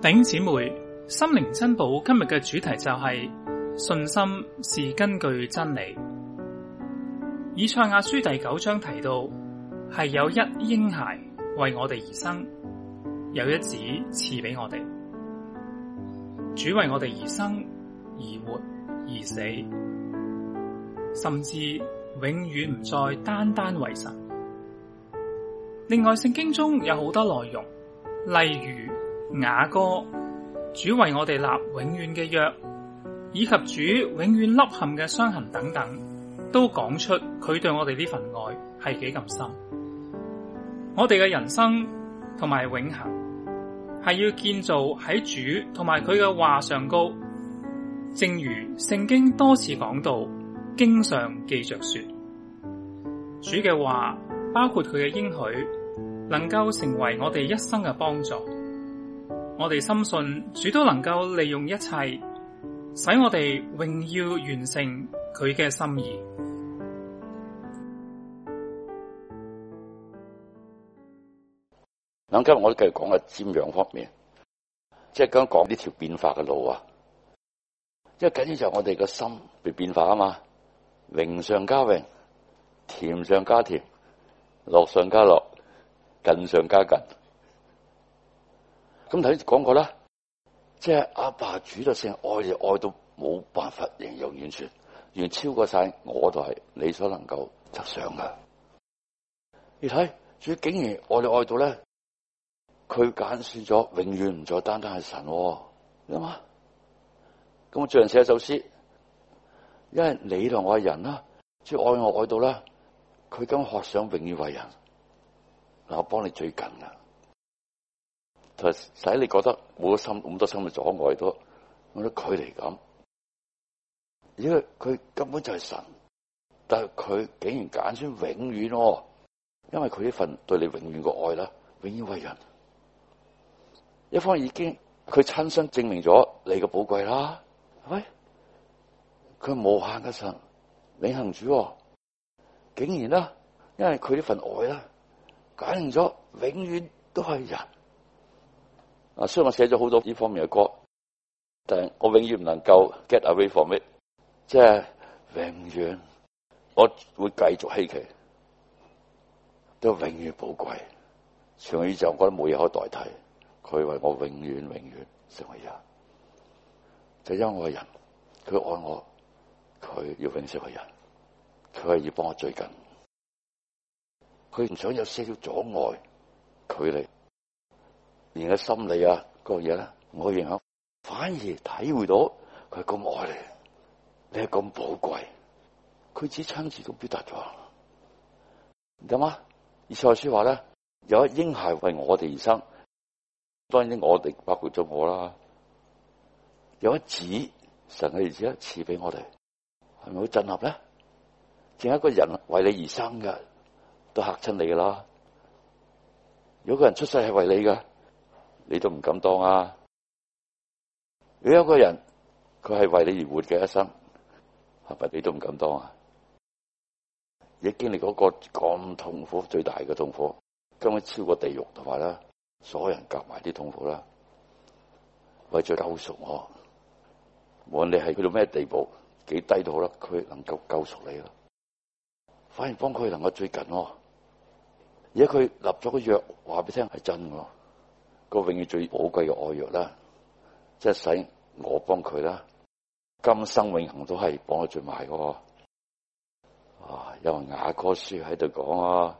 頂姊妹，心靈珍寶今日嘅主題就係、是、信心是根據真理。以賽亞書第九章提到，係有一嬰孩為我哋而生，有一子賜畀我哋。主為我哋而生而活而死，甚至永遠唔再單單為神。另外，聖經中有好多內容，例如。雅歌，主為我哋立永遠嘅約，以及主永遠凹陷嘅傷痕等等，都講出佢對我哋呢份愛係幾咁深。我哋嘅人生同埋永恒，係要建造喺主同埋佢嘅話上高。正如聖經多次講到，經上記着說，主嘅話包括佢嘅應許，能夠成為我哋一生嘅幫助。我哋深信主都能夠利用一切，使我哋榮耀完成佢嘅心意。嗱，今日我哋繼續講嘅瞻仰方面，即係講講呢條變化嘅路啊！即係緊要就我哋個心被變化啊嘛，榮上加榮，甜上加甜，樂上加樂，近上加近。咁睇講過啦，即係阿爸主就性愛嚟愛到冇辦法形容完全，完超過晒，我就係你所能夠執想噶。你睇，主竟然愛嚟愛到咧，佢揀選咗永遠唔再單單係神，你諗下。咁我最近寫一首詩，因為你同我係人啦，即係愛我愛到啦，佢咁學想永遠為人，嗱，我幫你最近噶。使你覺得冇咁心咁多心嘅阻礙到，冇咗距離感。因為佢根本就係神，但係佢竟然揀選永遠哦，因為佢呢份對你永遠嘅愛啦，永遠為人。一方已經佢親身證明咗你嘅寶貴啦，喂，佢無限嘅神，永恆主，哦，竟然啦，因為佢呢份愛啦，揀定咗永遠都係人。啊！雖然我寫咗好多呢方面嘅歌，但係我永遠唔能夠 get away from it，即係永遠我會繼續希冀，都永遠寶貴，全宇宙我都冇嘢可以代替佢為我永遠永遠成為人，就是，因我嘅人，佢愛我，佢要永世為人，佢係要幫我追緊，佢唔想有少少阻礙距離。人嘅心理啊，各樣嘢咧，我認諗，反而體會到佢咁愛你，你係咁寶貴，佢只親自都表達咗，明嘛？以賽書話咧，有一嬰孩為我哋而生，當然我哋包括咗我啦。有一子神嘅兒子一賜俾我哋，係咪好震撼咧？淨係一個人為你而生嘅，都吓親你啦。如果個人出世係為你嘅。你都唔敢當啊！你有個人，佢係為你而活嘅一生，係咪、啊？你都唔敢當啊！而家經歷嗰個咁痛苦，最大嘅痛苦，根本超過地獄嘅話咧，所有人夾埋啲痛苦啦，為咗救贖我，無論你係去到咩地步，幾低都好啦，佢能夠救贖你咯。反而幫佢能夠最近咯，而家佢立咗個約，話俾你聽係真嘅。個永遠最寶貴嘅愛藥啦，即、就、係、是、使我幫佢啦，今生永恆都係綁喺最埋嘅嗬。啊，因為雅歌書喺度講啊，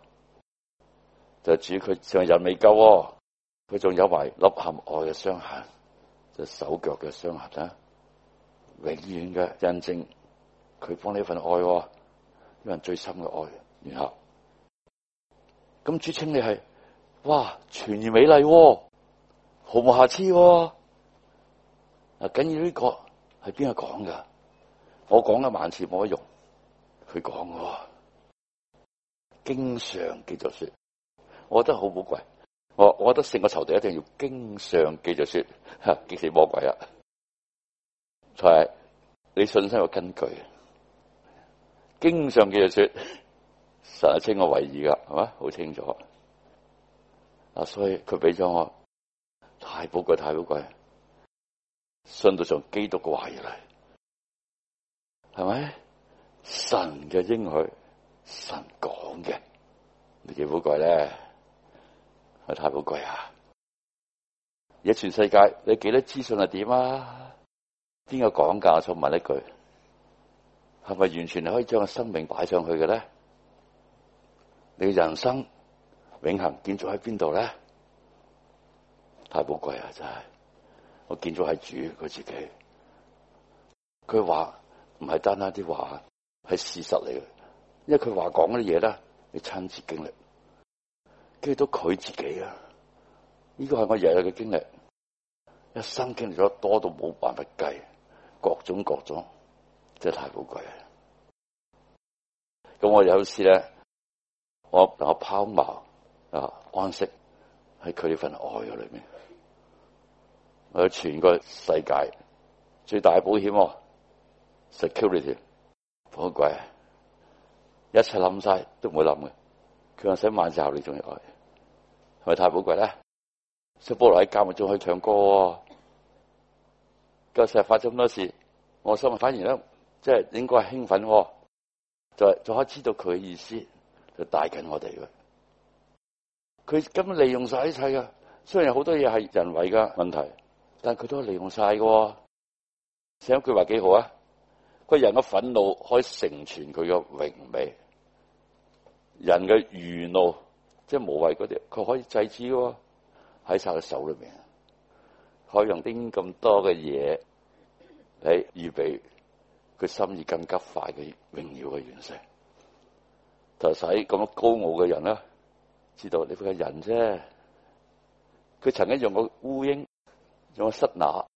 就指佢上人未夠，佢仲有埋凹陷愛嘅傷痕，就是、手腳嘅傷痕啦，永遠嘅印證佢幫呢份愛，一份最深嘅愛。然後咁主稱你係哇，全然美麗、啊。毫無瑕疵嗱、啊，緊要呢、這個係邊個講噶？我講一萬次冇用，佢講喎，經上記著說，我覺得好寶貴。我我覺得成個仇敵一定要經上記著說，吓，激死魔鬼啊！就係你信心有根據，經上記著說，神稱我為義噶，係嘛，好清楚嗱，所以佢俾咗我。太寶貴，太寶貴，信到上基督嘅懷疑嚟，係咪神嘅應許，神講嘅，你幾寶貴咧？係太寶貴啊！而家全世界你幾多資訊係點啊？邊個講教？就想問一句，係咪完全可以將個生命擺上去嘅咧？你人生永恆建造喺邊度咧？太寶貴啊！真係我見咗係主佢自己，佢話唔係單單啲話係事實嚟嘅，因為佢話講嗰啲嘢咧，你親自經歷，記到佢自己啊。呢個係我日日嘅經歷，一生經歷咗多到冇辦法計，各種各種，真係太寶貴啦。咁我有時咧，我我拋錨啊，安息。喺佢呢份愛嘅裏面，我全個世界最大保險哦、啊、security 寶貴、啊，一切冧晒都唔會冧嘅。佢話使萬兆你仲要愛，係咪太寶貴咧？食保羅喺監獄中去唱歌、啊？成日發生咁多事，我心啊反而咧，即係應該係興奮、啊，就就可知道佢嘅意思，就帶緊我哋嘅、啊。佢根本利用晒一切噶，雖然好多嘢係人為噶問題，但係佢都利用晒噶、哦。上一句話幾好啊？個人嘅忿怒可以成全佢嘅榮美，人嘅餘怒即係無謂嗰啲，佢可以制止噶，喺晒佢手裏面，可以用啲咁多嘅嘢嚟預備佢心意更急快嘅榮耀嘅完成，就使咁樣高傲嘅人咧。知道你佢係人啫，佢曾經用過烏蠅，用個塞拿，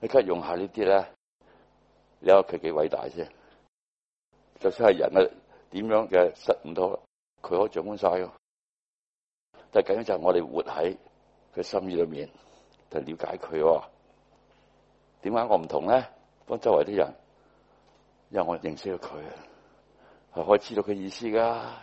你睇用下呢啲咧，你話佢幾偉大啫？就算係人嘅點樣嘅失唔到，佢可以掌管晒咯。第緊要就係我哋活喺佢心意裏面，就了解佢。點解我唔同咧？幫周圍啲人，因為我認識咗佢，係可以知道佢意思噶。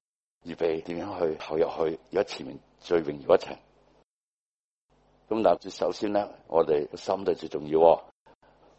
預備點樣去投入去？而家前面最榮耀一程，咁但首先呢，我哋個心對最重要、哦。